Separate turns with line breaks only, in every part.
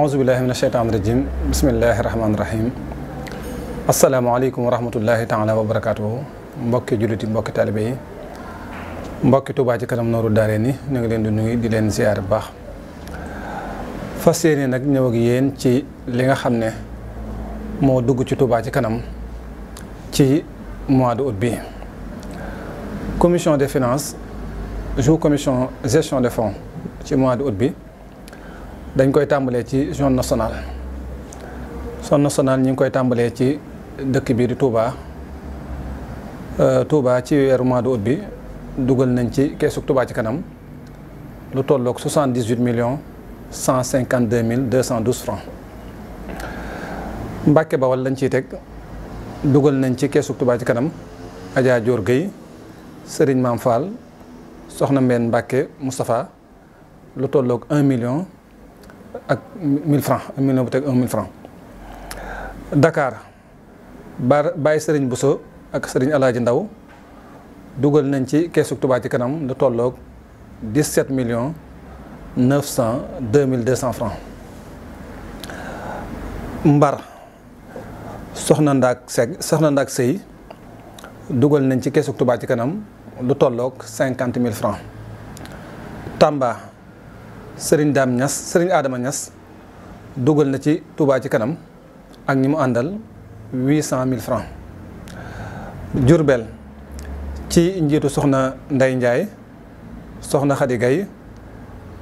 aousubillahi min asheytan rajim bismillahi rahmaani rahim asalaamaaleykum wa rahmatullahi taala wa barakaatu mbokki julliti mbokki taalibe yi mbokki Tuubaa ci kanam nooru daare ni ñu ngi leen di nuyu di leen ziar bu baax fas yéene nag ñëw ak yéen ci li nga xam ne moo dugg ci Tuubaa ci kanam ci mois de août bi commission de finances jour commission gestion de fonds ci mois de août bi dañ koy tàmbalee ci zone nationale zone nationale ñi ngi koy tàmbalee ci dëkk bii di Touba euh, Touba ci weeru mois d'août bi dugal nañ ci keesu Touba ci kanam lu tolloog soixante-dix-huit millions cent cinquante-deux mille deux cent douze francs Mbàkke Bawal lañ ciy teg dugal nañ ci keesu Touba ci kanam Adja Dior Gueye Soxna mbenn Mbàkke Moustapha lu tolloog un million ak 1000 francs ak million bu teg 1000 francs Dakar ba bàyyi Serigne Bousso ak Serigne Alaaji Ndaw dugal nañ ci keesu Touba ci kanam lu tolloog 17 millions 900 2200 francs Mbar soxna Ndaak Seck soxna Ndaak Sëy dugal nañ ci keesu Touba ci kanam lu tolloog 50 000 francs Tamba sëriñ Daam Ñas sëriñ aadama Ñas dugal na ci tubaa ci kanam ak ñi mu àndal huit cent mille francs Jurbel ci njiitu soxna Ndey Njaay soxna Xadi Gay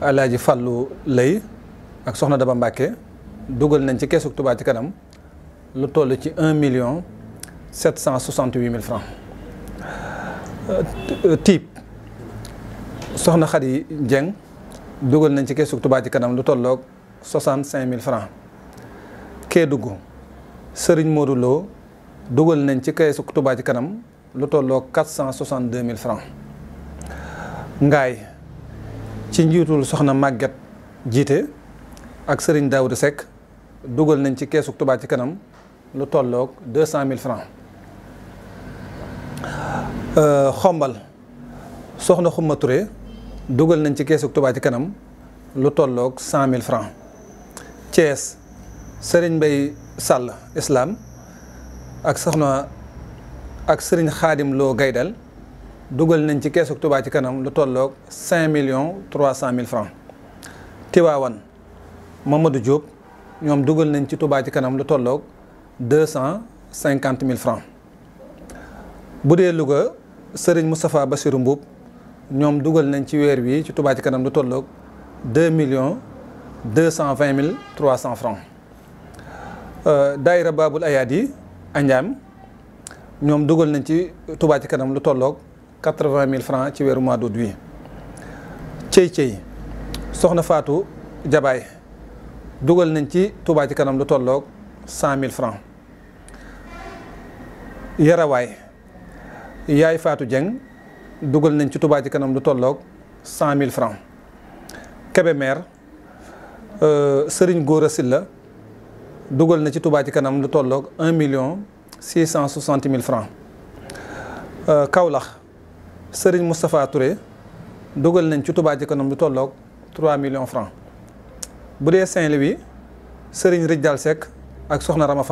alaaji Fàllu Lay ak soxna Daba Mbàkke dugal nañ ci keesu Touba ci kanam lu toll ci un million sept cent soixante mille francs euh, tiib soxna Xadi Jeng dugal nañ ci keesu Touba ci kanam lu tolloog soixante cinq mille francs kee dugg Serigne Modou Lo dugal nañ ci keesu Touba ci kanam lu tolloog quatre cent soixante deux mille francs ngaay ci njiitul soxna Maguette jiite ak Serigne Daouda Seck dugal nañ ci keesu tubaa ci kanam lu tollook deux cent mille francs euh, xombal soxna Xuma Touré dugal nañ ci keesug Touba ci kanam lu tolloog cent mille francs Thiès Serigne Mbaye Sall Islam ak soxna ak sëriñ Khadim Lo Gaydal dugal nañ ci keesug Touba ci kanam lu tollook cinq millions trois cent mille francs Tiwaawan Mamadou Diop ñoom dugal nañ ci Touba ci kanam lu tolloog deux cent cinquante mille francs bu dee Louga Serigne Moustapha Bassirou Mbuub ñoom dugal nañ ci weer wii ci tubaa ci kanam lu tolloog deux millions deux cent vingt mille trois cent francs euh, daayira Babul Ayaad yi Anjaam ñoom dugal nañ ci Touba ci kanam lu tolloog quatre vingt mille francs ci weeru mois d'août wi cey soxna Faatu Jabaay dugal nañ ci Touba ci kanam lu tolloog cent mille francs Yarawaay Yaay Faatu Jeng dugal nañ ci tubaa ci kanam lu tolloog cent mille francs Kébémer euh, Serigne Gora Sylla dugal na ci Touba ci kanam lu tolloog un million six cent soixante mille francs euh, Kaolack Serigne Moustapha Touré dugal nañ ci tubaa ci kanam lu tolloog trois millions francs bu dee Saint-Louis Serigne Rijdal Seck ak Soxna Rama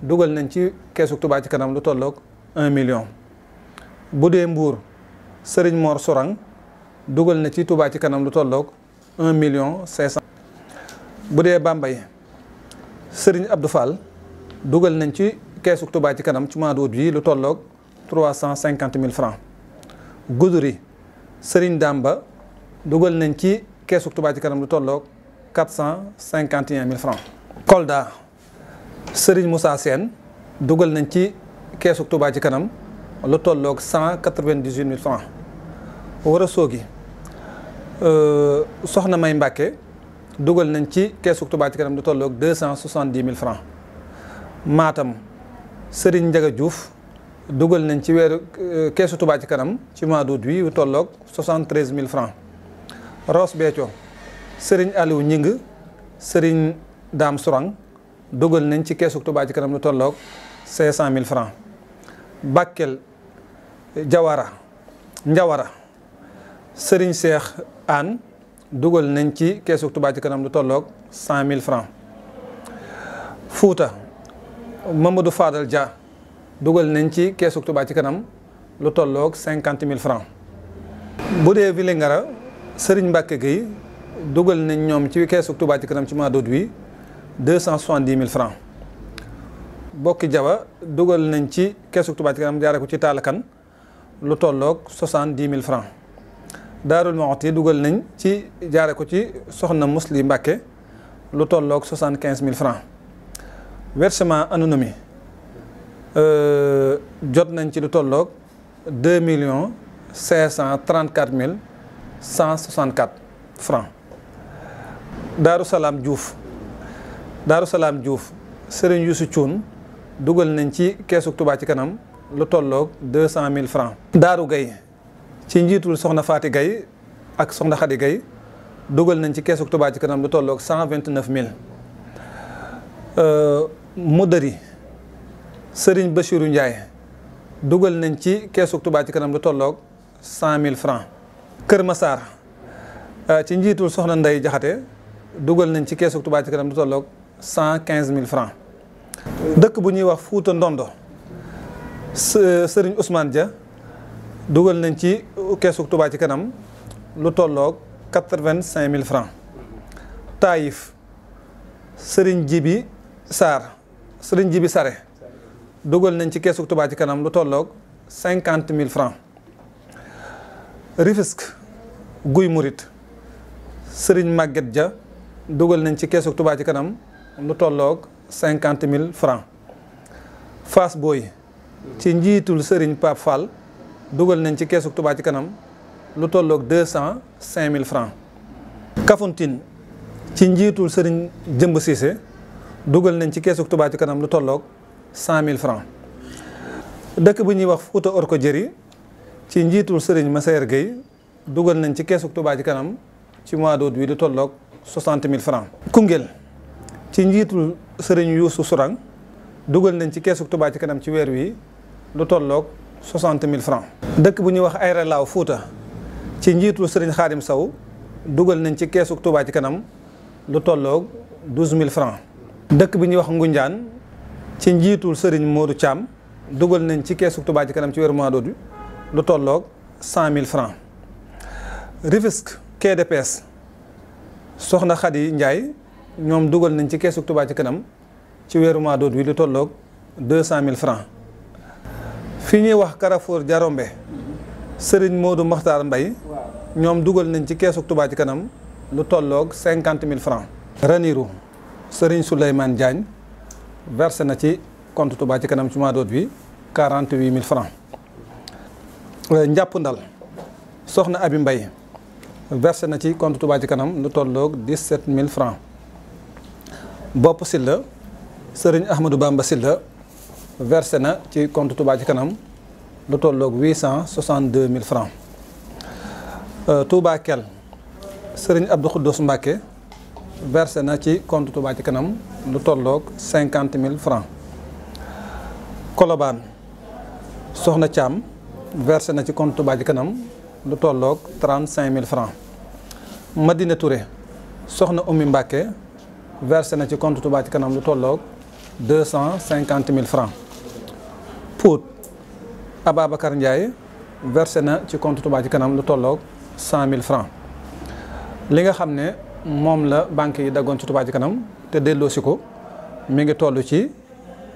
dugal nañ ci keesu tubaa ci kanam lu tolloog un million bu dee Mbour Serigne moor soran dugal na ci Touba ci kanam lu tolloog un million cinq cent bu dee Bambey sëriñ Abdou Fall dugal nañ ci keesu Touba ci kanam ci mois d'août bi lu tolloog trois cent cinquante mille francs Goudiri Serigne Damba dugal nañ ci keesu Touba ci kanam lu tolloog quatre cent cinquante et un mille Kolda Serigne Moussa Sène dugal nañ ci keesu Touba ci kanam lu tolloog cent quatre-vingt-dix-huit mille francs war a soogi euh, soxna May Mbàkke dugal nañ ci keesu Touba ci kanam lu tolloog deux cent soixante-dix mille francs Matam Serigne Ndiaga Diouf dugal nañ ci weeru euh, keesu Touba ci kanam ci mois d'août wi lu tolloog soixante mille francs Ross Serigne Aliou Ñing Serigne Dame Sourang dugal nañ ci keesu Touba ci kanam lu tolloog cinq cent mille francs Bakel Jawara Njawara sëriñ Cheikh Anne dugal nañ ci keesu Touba ci kanam lu tollook cent mille francs Fouta Mamadou Fadal Dia dugal nañ ci keesu Touba ci kanam lu tolloog cinquante mille francs bu dee Vélingara Serigne Mbacke Gueye dugal nañ ñoom ci keesu Touba ci kanam ci mois d'août bi deux cent soixante-dix mille francs bokki Jawa dugal nañ ci keesu Touba ci kanam jaare ko ci taalakan lu tolloog soixante-dix mille francs Daarul Muxti dugal nañ ci jaare ko ci soxna Musli Mbàkke lu tolloog soixante-quinze mille francs versement anonyme euh, jot nañ ci lu tollook deux millions cinq cent trente-quatre mille cent soixante-quatre francs Daaru Salaam Diouf Daaru Salaam Diouf Serigne Youssou dugal nañ ci keesu Touba ci kanam lu tolloog deux cent mille francs Daaru Gaye ci njiitul soxna Faati gay ak soxna Xadi Gaye dugal nañ ci keesu Touba ci kanam lu tolloog cent vingt neuf mille euh, Mudari Sëriñ Bachiru Ndiaye dugal nañ ci keesu Touba ci kanam lu tolloog cent mille francs Kër Massar euh, ci njiitul soxna Ndey Jaxate dugal nañ ci keesu Touba ci kanam lu tolloog cent quinze mille francs dëkk bu ñuy wax Fuuta Ndondo sëriñ Ousmane ja dugal nañ ci keesu Touba ci kanam lu tolloog quatre-vingt-cinq mille francs Taïf sëriñ Jibi Sarr sëriñ Jibi Sare dugal nañ ci keesu Touba ci kanam lu tolloog cinquante mille francs Rufisque Guy Murit sëriñ Maguette ja dugal nañ ci keesu Touba ci kanam lu tolloog cinquante mille francs Fass Boy ci njiitul Serigne Pape Fall dugal nañ ci keesu Touba ci kanam lu tolloog deux cent cinq mille francs Kafountine ci njiitul sëriñ Jëmb Cissé dugal nañ ci keesu Touba ci kanam lu tolloog cent mille francs dëkk bu ñuy wax Fouta Orko Jëri ci njiitul Serigne Massaer Gueye dugal nañ ci keesu tubaa ci kanam ci mois d'août bi lu tolloog soixante mille francs Koungheul ci njiitul Serigne Youssou dugal nañ ci keesu Touba ci kanam ci weer wi lu tolloog soixante mille francs dëkk bu ñuy wax Aéré Lao Fouta ci njiitu Serigne Khadim dugal nañ ci keesu Touba ci kanam lu tolloog douze mille francs dëkk bi ñuy wax Ngunjaan ci njiitul Serigne Modou Thiam dugal nañ ci keesu Touba ci kanam ci weeru mois d'août bi lu tolloog cent mille francs Rufisque KDPS soxna Khady Ndiaye ñoom dugal nañ ci keesu Touba ci kanam ci weeru mois d'août bi lu tolloog deux cent mille francs fi ñuy wax Carrefour Jarombe Serigne Modou Makhtar mbay ñoom dugal nañ ci keesu tubaa ci kanam lu tolloog cinquante mille francs Ranirou Serigne Souleymane Diagne verse na ci compte Touba ci kanam ci mois d'août bi quarante huit mille francs euh, njàpp ndal soxna Abi mbay versé na ci compte Touba ci kanam lu tolloog dix sept mille francs bopp Silla Serigne Ahmadou Bamba Silla versé na ci compte Touba ci kanam lu tolloog huit cent soixante-deux mille francs euh, Touba Kell Serigne Abdou Khoudous Mbacké versé na ci compte Touba kanam lu tolloog cinquante mille francs Colobane Soxna Thiam versé na ci compte Touba ci kanam lu tolloog trente-cinq mille francs Madina Touré Soxna Oumy Mbacké versé na ci compte Touba ci kanam lu tolloog deux cent cinquante mille francs Pout Ababacar Ndiaye versé na ci compte Touba ci kanam lu tollook cent mille francs li nga xam ne moom la banque yi daggoon ci Touba ci kanam te delloosi ko mi ngi toll ci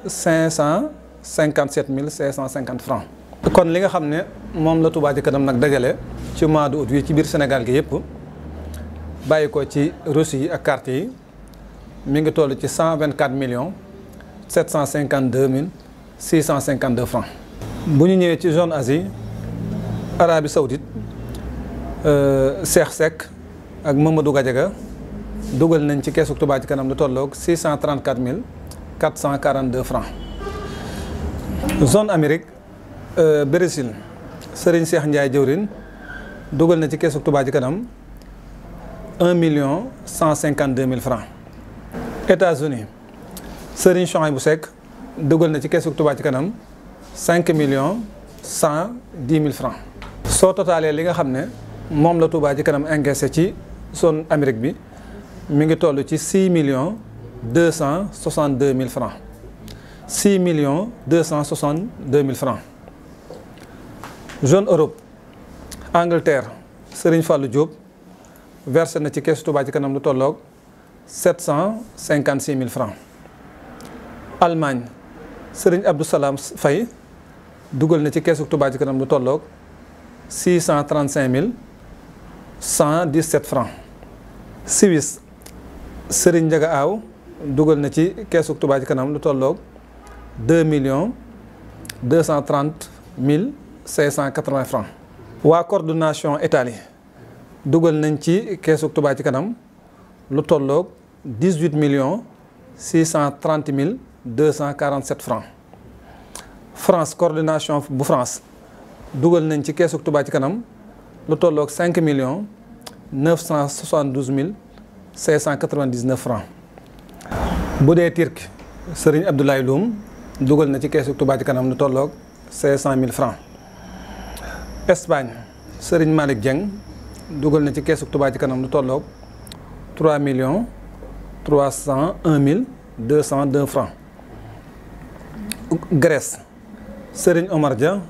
cinq cent cinquante sept mille cinq cent cinquante francs kon li nga xam ne moom la Touba ci kanam nag dajale ci mois d'août wi ci biir Sénégal gi yëpp bàyyi ko ci reçu yi ak carte yi mi ngi toll ci cent vingt quatre millions sept cent cinquante deux mille six cent cinquante deux francs bu ñu ñëwee ci zone Asie Arabie Saoudite euh, Cheikh Seck ak Mamadou Gadiaga dugal nañ ci keesu tubaa ci kanam lu tolloog six cent trente quatre mille quatre cent quarante deux francs zone Amérique euh, Brésil Serigne Cheikh Ndiaye jëwrin dugal na ci keesu tubaa ci kanam un million cent cinquante deux mille francs États-Unis Serigne Chouaïbou Seck dugal na ci keesu Touba ci kanam cinq millions cent dix mille francs soo totaalee li nga xam ne moom la Touba ci kanam encaissé ci zone Amérique bi mi ngi toll ci six millions deux cent soixante deux mille francs six million deux cent soixante deux mille francs zone Europe Angleterre Serigne Fallou Diop verse na ci keesu Touba ci kanam lu tolloog sept cent cinquante mille francs Allemagne sëriñ Abdou Salam Faye dugal na ci keesu Touba Ca tolloog six cent trente mille cent dix sept francs Suisse sëriñ Njaga dugal na ci keesu Touba Kanam lu tolloog deux million deux cent trente mille cinq waa coordination Italie dugal nañ ci keesu Touba Ca Kanam lu tolloog dix huit millions cent trente mille deux cent quarante sept francs France coordination bu France dugal nañ ci keesu Touba ci kanam lu tolloog cinq millions neuf cent soixante mille cinq cent quatre vingt dix neuf francs bu dee Turc Serigne Abdoulaye Loum dugal na ci keesu Touba ci kanam lu tolloog cinq cent mille francs Espagne Serigne Malick Dieng dugal na ci keesu Touba kanam lu tolloog trois millions trois cent un mille deux cent deux francs Grèce Serigne Omar Dia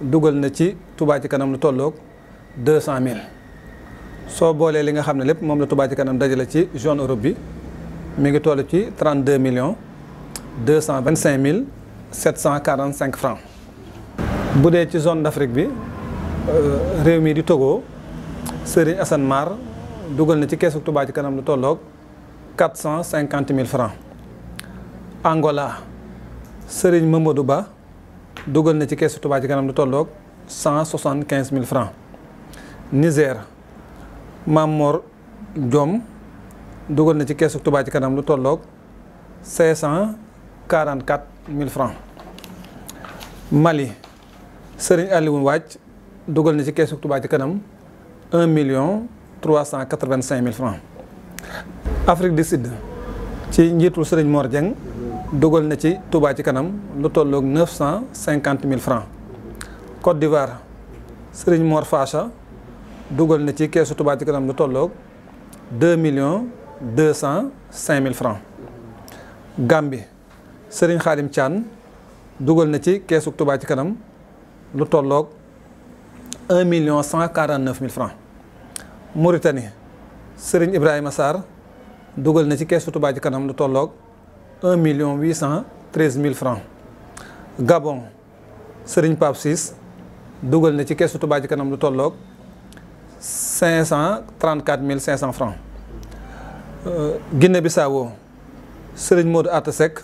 dugal na ci tubaa ci kanam lu tolloog deux cent mille soo boolee li nga xam ne lépp moom la Touba ci kanam dajale ci zone Europe bi mi ngi toll ci trente deux millions deux cent vingt cinq mille sept cent quarante cinq francs bu dee ci zone d'Afrique bi euh, réew mi di Togo Serigne Assane Mar dugal na ci keesu tubaa ci kanam lu tolloog quatre cent cinquante mille francs Angola. Serigne Mamadou Ba dugal na ci keesu Touba ci kanam lu tollook cent soixante quinze mille francs Niger Mamor Diom dugal na ci keesu Touba ci kanam lu tollook cinq cent quarante quatre mille francs Mali Serigne Alioune Wàcc dugal na ci keesu Touba ci kanam un million trois cent quatre vingt cinq mille francs Afrique du Sud ci njiitul Serigne moor jeng dugal na ci tubaa ci kanam lu tolloog neuf cent cinquante mille francs Côte d'Ivoire Serigne Mor dugal na ci keesu Touba ci kanam lu tolloog deux millions deux cent cinq mille francs Gambie Serigne Khadim dugal na ci keesu Touba ci kanam lu tolloog un million cent quarante neuf mille francs Mauritanie Serigne Ibrahima Sarr dugal na ci keesu Touba ci kanam lu tolloog un million huit cent treize mille francs Gabon Serigne Pape Ciss dugal na ci keesu Touba Ca Kanam lu tolloog cent trente quatre mille cinq cent francs euh, Guinée Bissau Serigne Modou Atta Seck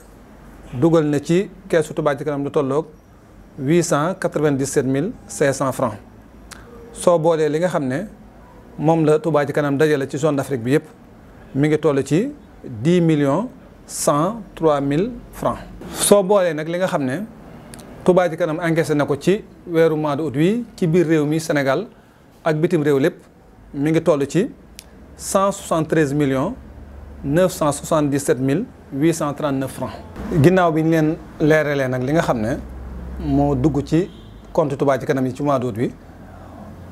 dugal na ci keesu Touba Ca Kanam lu tolloog huit cent quatre vingt dix sept mille cinq cent francs soo boolee li nga xam ne moom la Touba Ca Kanam dajale ci zone d'Afrique bi yëpp mi ngi toll ci dix million cent trois mille francs soo boolee nag li nga xam ne tubaa ci kanam encaissé na ko ci weeru mois d'août wi ci biir réew mi Sénégal ak bitim réew lépp mi ngi toll ci cent soixante treize millions neuf cent soixante dix sept mille huit cent trente francs ginnaaw bi ñu leen leeralee nag li nga xam ne moo dugg ci compte Touba kanam yi ci mois d'août bi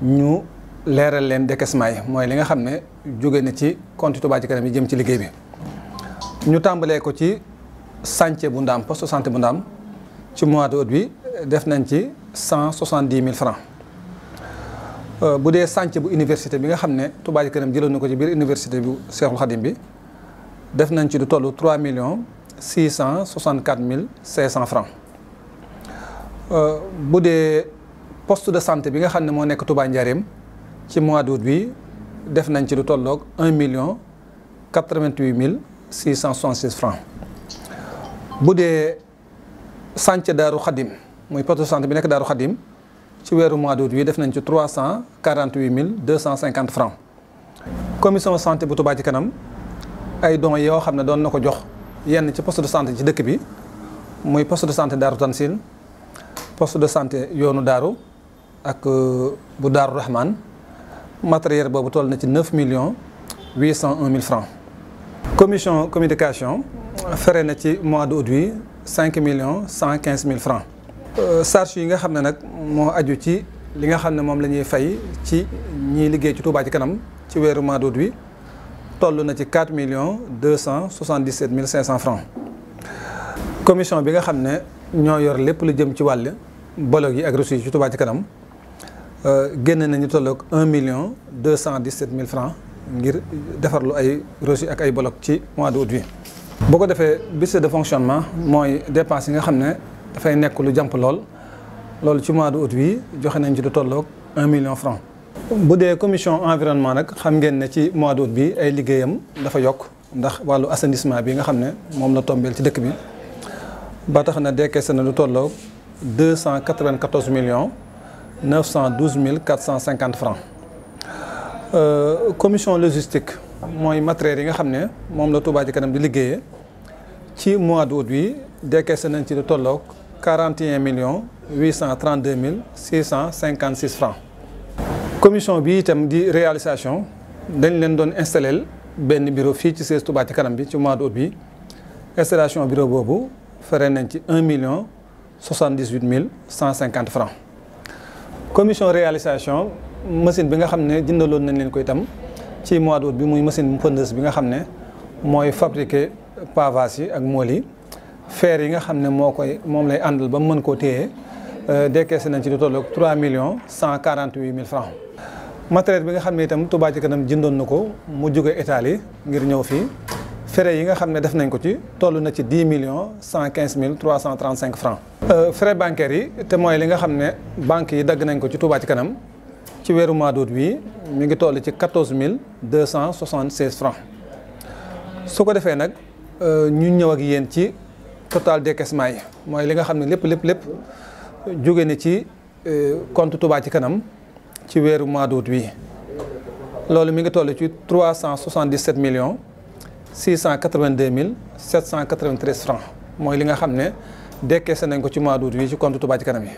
ñu leeral leen décaissement yi mooy li nga xam ne jóge na ci compte Touba ci kanam yi jëm ci liggéey bi. ñu tàmbalee ko ci santé bu ndaam poste santé bu ndaam ci mois de août bi def nañ ci cent soixante dix mille francs euh, bu dee santé bu université bi nga xam ne Touba Ca Kanam jëloon na ko ci biir université bu Seexul Xadim bi def nañ ci lu toll trois millions six cent soixante quatre mille cinq cent francs euh, bu dee poste de santé bi nga xam ne moo nekk Touba Njaareem ci mois d'août bi def nañ ci lu tolloog un million quatre vingt huit mille 666 francs bu dee sànc daaru xadim muy poteau santé bi nekk daaru xadim ci weeru mois d'août wi def nañ ci 348 mille 250 francs commission santé bu Touba ci kanam ay dons yoo xam ne doon na ko jox yenn ci poste de santé ci dëkk bi muy poste de santé daaru Tansil poste de santé yoonu daaru ak euh, bu daaru Rahman matériel boobu toll na ci 9 millions un mille francs commission communication fere na ci mois d'août bi cinq million cent quinze mille francs euh, charge yi nga xam ne nag moo aju ci li nga xam ne moom la ñuy fay ci ñiy liggéey ci Touba ci kanam ci weeru mois d'août bi toll na ci quatre millions deux cent soixante dix sept mille cinq cent francs commission bi nga xam ne ñoo yor lépp lu jëm ci wàll bolog yi ak reçu yi ci Touba ci kanam euh, génn nañu tolloog un million deux cent dix sept mille francs ngir defarlu ay reçu ak ay bloc ci mois d'août bi boo ko defee bisse de fonctionnement mooy dépense yi nga xam ne dafay nekk lu jàmp lool loolu ci mois d'août bi joxe nañ ci lu tolloog un million bu dee commission environnement nag xam ngeen ne ci mois d'août bi ay liggéeyam dafa yokk ndax wàllu assainissement bi nga xam ne moom la tombeel ci dëkk bi ba tax na décaissé na lu deux cent quatre-vingt-quatorze millions neuf cent mille quatre cent cinquante francs Euh, commission logistique mooy matériel yi nga xam ne moom la Touba ci kanam di liggéeyee ci mois d'août bi décaissé nañ ci la tolloog 41 millions 832 mille 656 francs commission bi itam di réalisation dañ leen doon installé benn bureau fii ci siège Touba ci kanam bi ci mois d'août bi installation bureau boobu feree nañ ci un million 78 mille 150 francs commission réalisation machine bi nga xam ne jëndaloon nañ leen ko itam ci mois d'août bi muy machine mu pondeuse bi nga xam ne mooy fabriquer pavas yi ak mool yi fer yi nga xam ne moo koy moom lay àndal ba mu mën koo téye euh, décaissé nañ ci lu toll ak 3 millions 148 mille francs matériel bi nga xam ne itam Touba ci kanam jëndoon na ko mu jóge Italie ngir ñëw fii frais yi nga xam ne def nañ ko ci toll na ci 10 millions 115 mille 335 francs euh, frais bancaires yi te mooy li nga xam ne banques yi dagg nañ ko ci Touba ci kanam ci weeru mois d'août bi mu ngi toll ci quatorze mille deux cent soixante seize francs su ko defee nag euh, ñu ñëw ak yéen ci total décaissement yi mooy li nga xam ne lépp lépp lépp jóge na ci euh, compte Touba ci kanam ci weeru mois d'août bi loolu mi ngi toll ci trois cent soixante dix sept millions six cent quatre mille sept cent quatre vingt treize francs mooy li nga xam ne décaissé nañ ko ci mois d'août bi ci compte Touba ci kanam yi.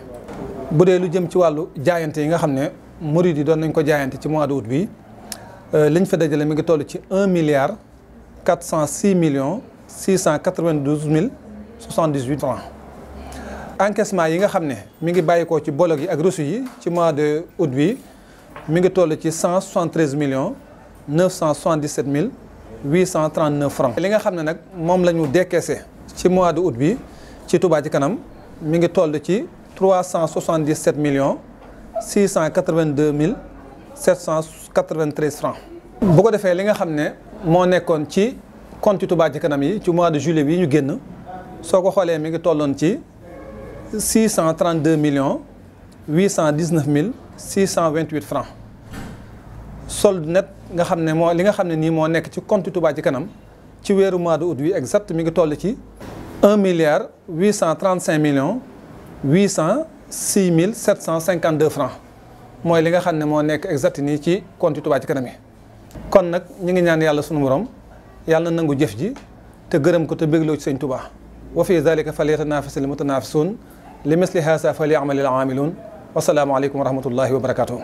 bu dee lu jëm ci wàllu jaayante yi nga xam ne. murid yi doon nañ ko jaayante ci mois de août bi euh, liñ fa dajale mi ngi toll ci un milliard quatre cent six millions six cent quatre vingt mille soixante-dix-huit francs encaissement yi nga xam ne mi ngi bàyyikoo ci bolog yi ak reçu yi ci mois de août bi mi ngi toll ci cent soixante-treize millions neuf mille huit cent trente francs li nga xam ne nag moom la ñu décaissé ci mois de août bi ci Touba ci kanam mi ngi toll ci trois cent soixante dix millions six cent quatre vingt mille sept cent quatre vingt bu ko defee li nga xam ne moo nekkoon ci compte Touba ci kanam yi ci mois de juillet bi ñu génn soo ko xoolee mi ngi tolloon ci six cent trente-deux millions huit cent dix-neuf mille six cent vingt-huit francs solde net nga xam ne moo li nga xam ne nii moo nekk ci compte Touba ci kanam ci weeru mois de août wi exact mi ngi toll ci un milliard huit cent trente-cinq millions six mille sept cent cinquante deux francs mooy li nga xam ne moo nekk exact ni ci compte Touba ci kanam kon nag ñu ngi ñaan yàlla sunu borom yàlla na nangu jëf ji te gërëm ko te bégloo ci sëñ Touba wa fi zalika falyatanafasi l mutanafisun li misli haasa falyaamali l aamiluun wasalaamu aleykum wa rahmatullahi wa barakatuh